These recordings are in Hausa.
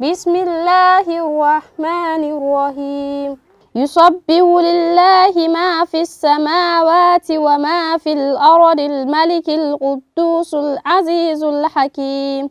بسم الله الرحمن الرحيم يسبح لله ما في السماوات وما في الأرض الملك القدوس العزيز الحكيم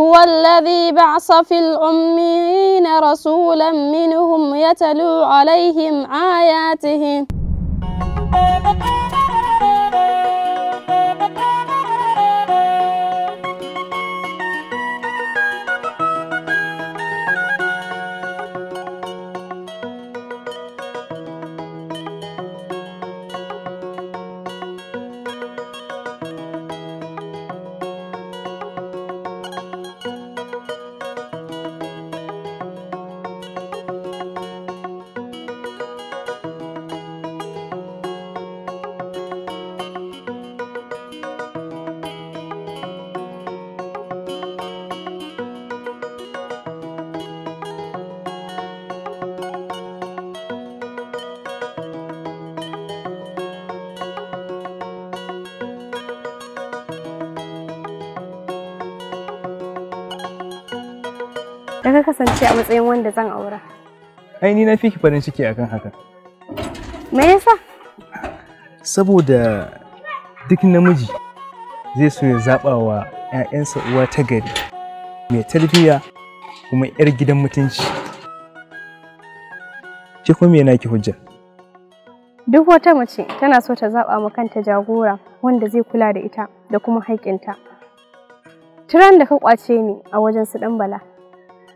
هو الذي بعث في الأمين رسولا منهم يتلو عليهم آياتهم da ka kasance a matsayin wanda zan aura. Ai ni na fiki farin ciki akan haka. Me yasa? Saboda duk namiji zai so ya zaba wa ‘ya'yansa uwa ta gari mai tarbiyya kuma ‘yar gidan mutunci. Ke kuma me naki hujja? Duk wata mace tana so ta zaba ma kanta jagora wanda zai kula da ita da kuma haƙƙinta. Tiran da ka kwace ni a wajen su Dan bala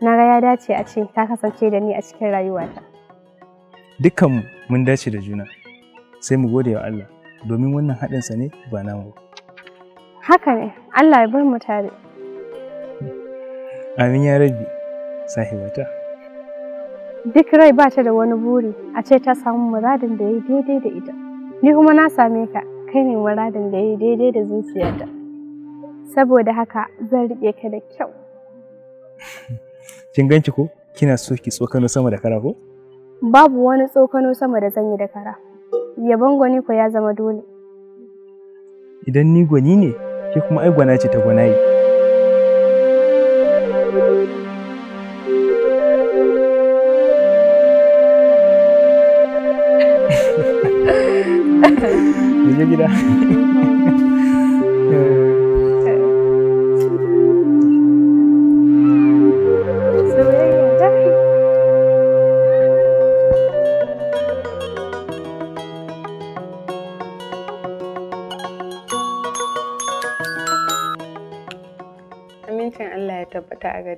na ga ya dace a ce ta kasance da ni a cikin rayuwata. Dukan mun dace da juna, sai mu gode wa Allah domin wannan haɗinsa ne ba namu ba. Haka ne, Allah ya bar mu tare. Amin ya rabi, sahibata. Duk rai ba ta da wani buri a ce ta samu muradin da ya yi daidai da ita. Ni kuma na same ka, kai ne muradin da ya yi daidai da zuciyarta. Saboda haka zan riƙe ka da kyau. kin ganki ko kina so ki tsokano sama da kara ko babu wani tsokano sama da zanyi da kara yabon gwani ko ya zama dole idan ni gwani ne ke kuma ai gwana ce ta gwanaye Mu gida.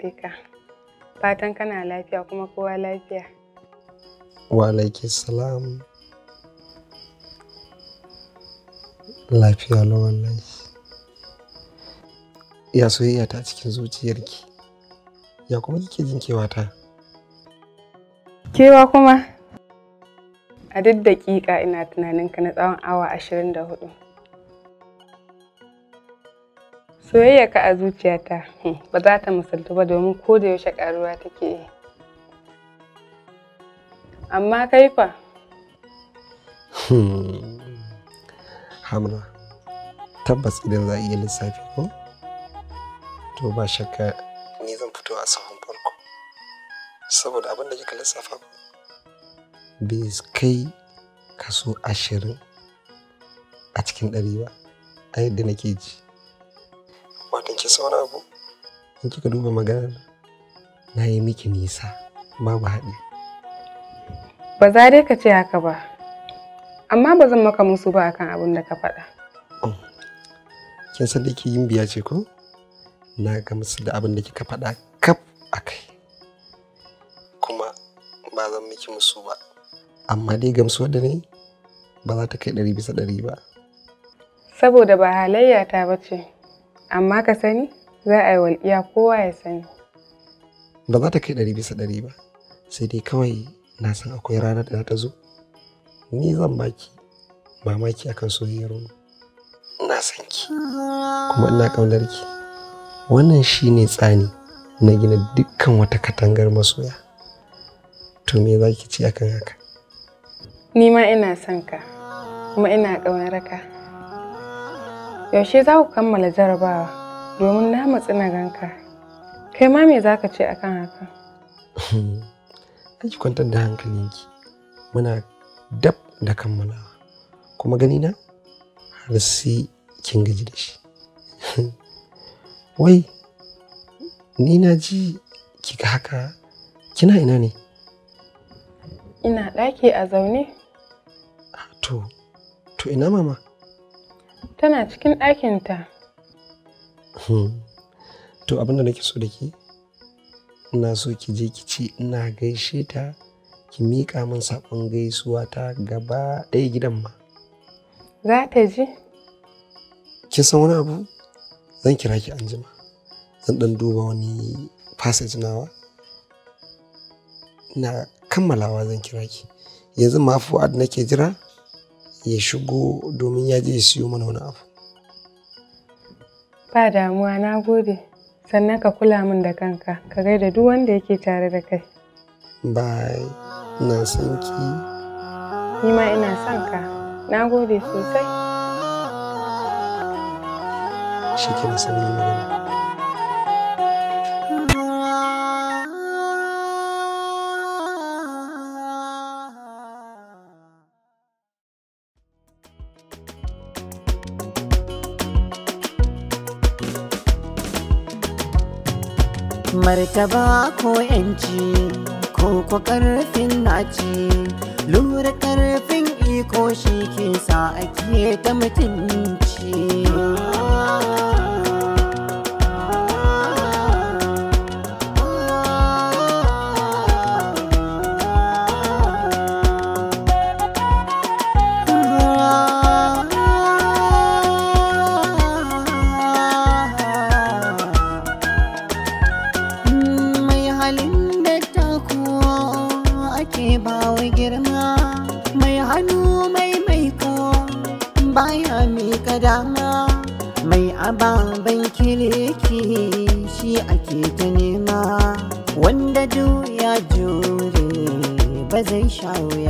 bika fatan kana lafiya kuma kowa lafiya wa alaiki salam lafiya lawan wallahi ya soyayya ta cikin zuciyarki ya kuma kike jin kewa ta kewa kuma a duk daƙiƙa ina tunaninka na tsawon awa ashirin da hudu ka a zuciyata hmm, ba za ta misaltu ba domin ko da yaushe karuwa take yi amma kai fa hmm. hamna tabbas idan za a iya lissafi ko to ba shakka ni zan fito a sahun farko saboda abin da kika lissafa ku bai kai kaso ashirin a cikin ɗari ba a yadda nake ji kisa wani abu? In kika duba maganar na yi miki nisa babu haɗi. Ba za dai ka ce haka ba, amma ba zan maka musu ba akan abin da ka faɗa. Oh, kin san da ke yin biya ce ko? Na ga musu da abin da kika faɗa kaf a kai. Kuma ba zan miki musu ba. Amma dai gamsuwa da ne ba za ta kai ɗari bisa ɗari ba. Saboda ba halayyata ba ce. Amma ka sani za a yi walƙiya kowa ya sani. Ba za ta kai ɗari bisa ɗari ba, sai dai kawai na san akwai ranar da ta zo. Ni zan baki mamaki akan soyayyar mu. Ina san ki, kuma ina ƙaunar ki. Wannan shi ne tsani na gina dukkan wata katangar masoya. To me za ki ci akan haka? Ni ma ina son ka, kuma ina ƙaunar ka. yaushe za ku kammala jarabawa domin na matsi na ganka kai ma me za ka ce akan haka ki kwantar da hankalinki muna dab da kammalawa kuma gani na har sai kin gaji da shi wai ni na ji kika haka kina ina ne ina ɗaki a zaune ah, to to ina mama tana cikin ɗakinta. Hmm. To abin da nake so da ke, ina so ki je ki ci ina gaishe ta ki miƙa min saƙon gaisuwa ta gaba ɗaya gidan ma. Za ta ji? Kin san wani abu? Zan kira ki anjima. Zan ɗan duba wani passage nawa. Na kammalawa zan kira ki. Yanzu ma fu'ad nake jira ya shigo domin ya je ya siyo mana wani abu. Ba damuwa na gode, sannan ka kula min da kanka, ka gaida duk wanda yake tare da kai. Ba na san ki. Ni ma ina son ka, na gode sosai. Shi ke na magana. martaba ko yanci ko ko karfin naci lura karfin iko shi ke sa ake ta mutunci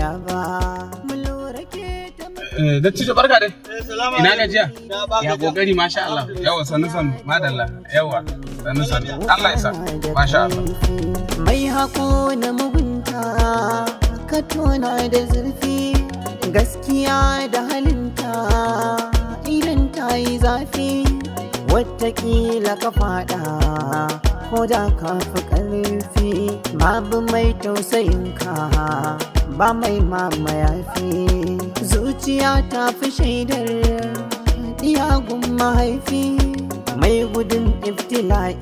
da ba eh, dattijo barka dai eh, ina gajiya ya kokari masha Allah yawa madalla yawa Allah masha Allah mai hako na mugunta ka tona da zurfi gaskiya da halinta idan ta yi zafi watakila ka fada ko da ka fi ƙarfi babu mai tausayinka ba mai mama zuciya ta fi shaidar iyagun mahaifi mai gudun iftila'i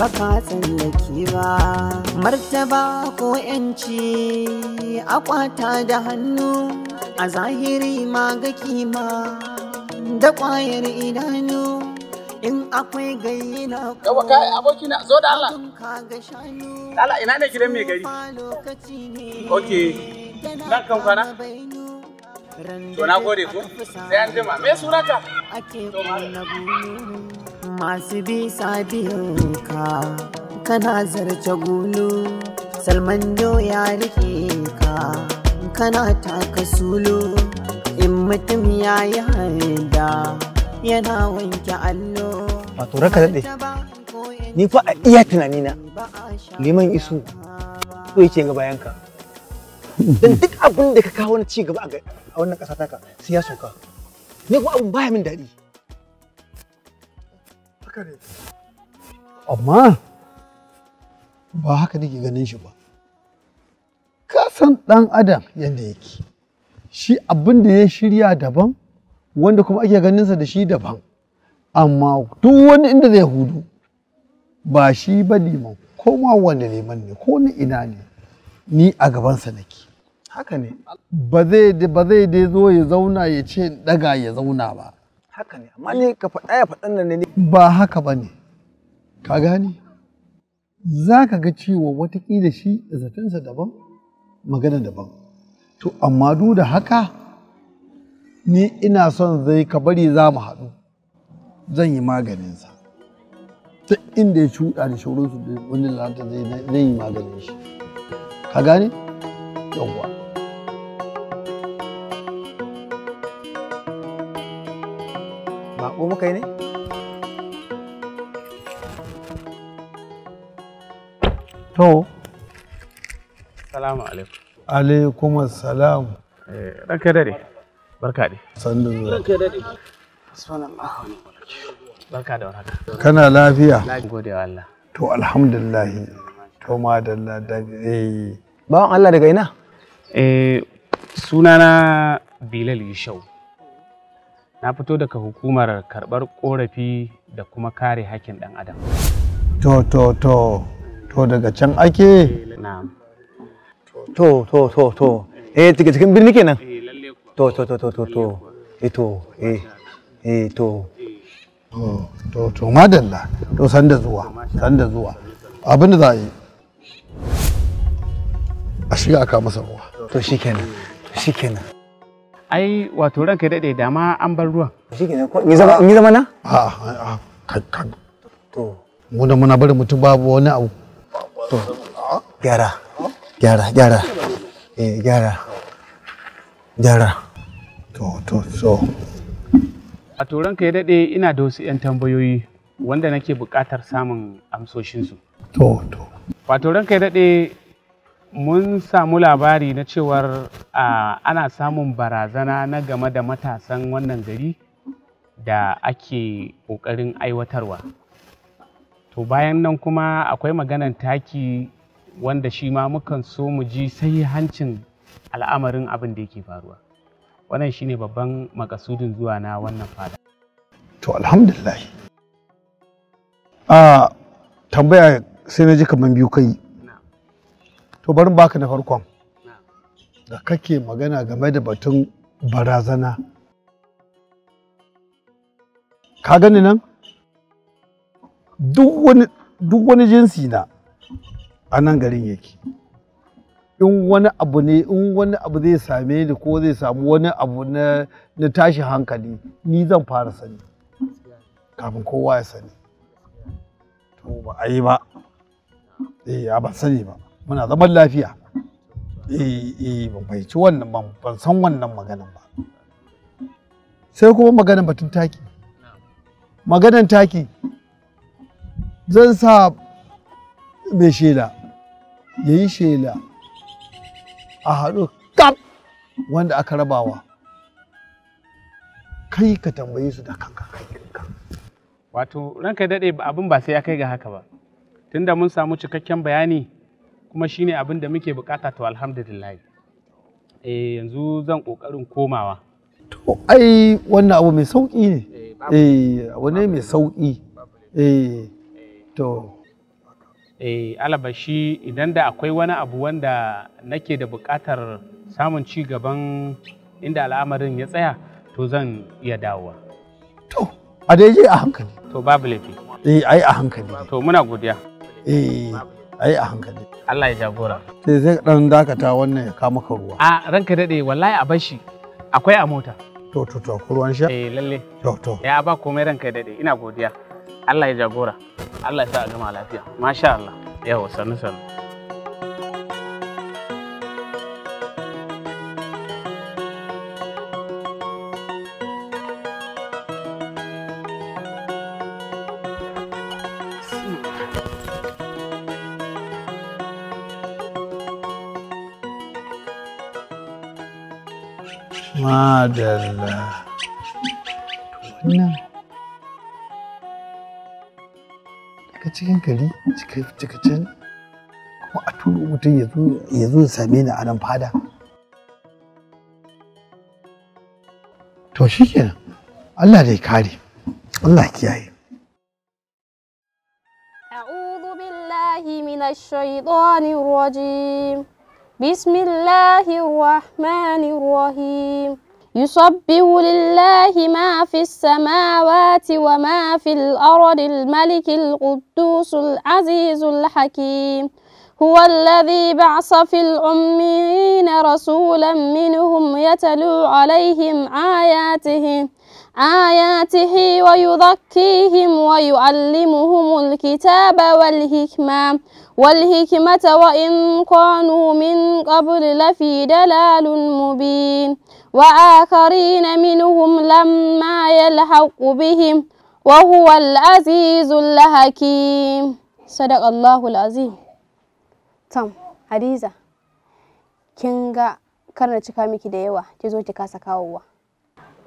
baka tsallaki ba martaba ko yanci akwata da hannu a zahiri ma ga kima da kwayar idanu in akwai gayyana ko aboki abokina, zo da Allah Lala ina ne gidan mai gari? Ok, nan kan kwana? To na gode ko? Sai an jima, me sunanka? Masu bisa biyan ka, kana zarce gulu, Salman ya rike ka, kana taka sulu, in mutum ya yi handa, yana wanke allo. Wato raka daɗe. ni fa a iya tunanina liman isu so yake ga bayanka Dan duk abin da ka kawo na ci gaba a wannan ta taka sai ya soka ni kuma abin baya min daɗi haka ne amma ba haka nake ganin shi ba ka san dan adam yadda yake shi abin da ya shirya daban wanda kuma ake sa da shi daban amma duk wani inda zai hudu ba shi ba liman ko ma wanda liman ne ko ni ina ne ni a gabansa nake haka ne ba zai ba zai dai zo ya zauna ya ce daga ya zauna ba haka ne amma ne ka faɗa ya faɗan nan ne ba haka ba ne ka gane za ka ga cewa watakila shi zatansa daban magana daban to amma du da haka ni ina son zai ka bari za mu haɗu zan yi maganinsa duk inda ya cuɗa da su da wani lalata zai yi maganin shi ka gane yawwa bako muka yi ne to salamu alaikum alaikum assalam eh, ranka dare barka dai sannu ranka dare subhanallah Barka da warhaka. Kana lafiya? Gode wa Allah. To alhamdulillah. To ma da eh. Bawan Allah daga ina? Eh sunana Bilal Yishau. Na fito daga hukumar karɓar ƙorafi da kuma kare hakkin ɗan adam. To to to to daga can ake? Na'am. To to to to. Eh cikin birni kenan? Eh To to to to to. Eh to eh eh to. to to madalla to san da zuwa san da zuwa abinda za a yi a shiga aka masa ruwa to shikenan shikenan ai wato ranka daɗe da dama an bar ruwan shikenan ni zama ni zama na a a to mu da muna bari mutum babu wani abu to gyara gyara gyara eh gyara gyara to to so A turan ka ya daɗe ina da wasu 'yan tambayoyi wanda nake buƙatar samun amsoshinsu. To, to. turan ka ya daɗe mun samu labari na cewar ana samun barazana na game da matasan wannan gari da ake ƙoƙarin aiwatarwa. To bayan nan kuma akwai maganan taki wanda shi ma mukan so mu ji sai hancin al'amarin abin da yake faruwa. wannan shine babban makasudin zuwa na wannan fada to alhamdulillah a ah, tambaya sai na ji kaman biyu kai to bari baka na farkon da kake magana game da batun barazana ka gani nan duk wani jinsi na a nan garin yake in wani abu ne in wani abu zai same ni ko zai samu wani abu na na tashi hankali ni zan fara sani kafin kowa ya sani to ba a yi ba eh ban sani ba muna zaman lafiya eh eh ban fahimci wannan ban ban san wannan maganan ba sai kuma maganan batun taki maganan taki zan sa mai shela ya yi shela a haɗu kaf wanda aka rabawa kai ka tambaye su da kanka kai kanka wato ranka daɗe abin ba sai ya kai ga haka ba tunda mun samu cikakken bayani kuma shine abin da muke bukata to alhamdulillah eh yanzu zan kokarin komawa to ai wannan abu mai sauki ne eh wani eh, mai sauki eh to Eh, alabashi idan da akwai wani abu wanda nake da buƙatar samun ci gaban inda al'amarin ya tsaya to zan iya dawowa to a daidai a hankali to babu laifi eh ai a hankali to muna godiya eh ai a hankali Allah ya jagora sai eh, zai dan dakata wannan ya kama ka ruwa a ranka dade wallahi a bashi akwai a mota to to to ruwan sha eh lalle to to ya ba komai ranka dade ina godiya Allah ya jagora Allah ya sa a gama lafiya masha Allah yawa sannu sannu Madalla. Nah. cikin gari cikakken kuma a turo mutum ya zo same ni a nan fada to shi kenan Allah dai kare Allah kiyaye أعوذ بالله من الشيطان الرجيم بسم الله الرحمن الرحيم يسبح لله ما في السماوات وما في الأرض الملك القدوس العزيز الحكيم هو الذي بعث في الأمين رسولا منهم يتلو عليهم آياته آياته ويذكيهم ويعلمهم الكتاب والحكمة والحكمة وإن كانوا من قبل لفي دلال مبين وآخرين منهم لما يلحق بهم وهو العزيز الحكيم صدق الله العظيم tam hadiza kin ga kar na cika miki da yawa ki zo ki kasa kawowa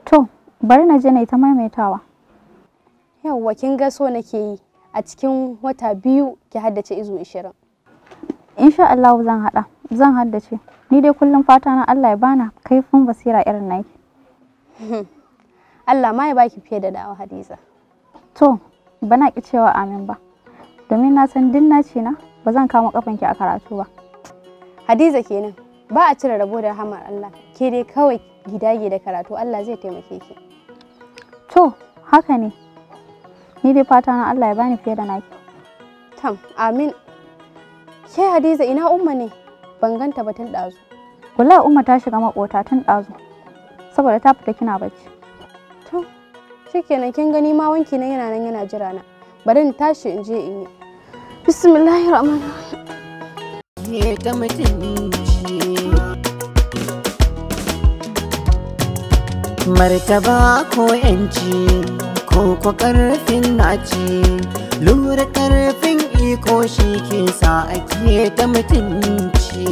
to bari na je ta maimaitawa yawwa kin ga so nake yi a cikin wata biyu ki haddace izu ishirin insha Allah zan hada, zan haddace ni dai kullum fata na Allah ya bana kaifin basira irin naki Allah ma ya baki fiye da dawo Hadiza to bana ki cewa amin ba domin na san din na ce na ba zan kama ki a karatu ba Hadiza kenan ba a cire rabo da hamar Allah ke dai kawai gidage da karatu Allah zai taimake ki to haka ne ni dai fata na Allah ya bani fiye da naki tam amin Ke Hadiza ina Umma ne? Ban ganta ba tun ɗazu. Wallahi Umma ta shiga maƙota tun ɗazu. Saboda ta fita kina bacci. To, shikenan kin gani ma wanki nan yana nan yana jira na. Bari in tashi in je in yi. Bismillahirrahmanirrahim. Martaba lura ko shi ke sa ake ta mutunci